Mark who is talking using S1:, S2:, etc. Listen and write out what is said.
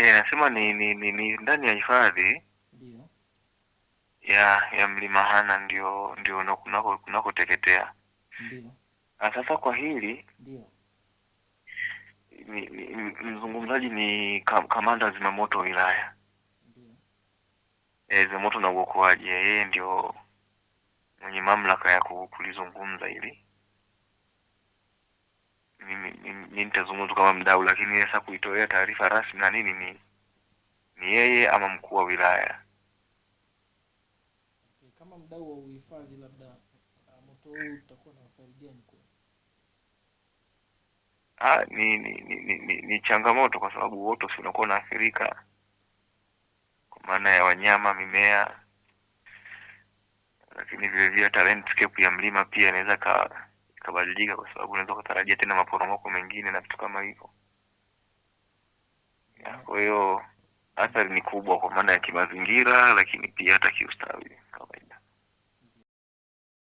S1: Eh, nasema ni ni ni, ni ndani ya hifadhi ndio ya ya Mlima Hana ndio ndio kunako kunakoteketea. Ndio. Sasa kwa hili ndio mzungumzaji ni kam, kamanda zimamoto wilaya e, zimamoto na uokoaji, yeye ndio mwenye mamlaka ya kulizungumza hili ni nitazungumza kama mdau, lakini sasa kuitolea taarifa rasmi na nini ni ni yeye ama mkuu wa wilaya.
S2: Okay, kama mdau wa uhifadhi, labda uh, moto huu utakuwa na athari gani?
S1: Ah, ni ni, ni ni ni ni changamoto kwa sababu uoto si unakuwa unaathirika kwa maana ya wanyama, mimea, lakini vile vile landscape ya mlima pia inaweza ka ikabadilika, kwa sababu unaweza ukatarajia tena maporomoko mengine na vitu kama hivyo. Kwa hiyo athari ni kubwa kwa maana ya kimazingira, lakini pia hata kiustawi.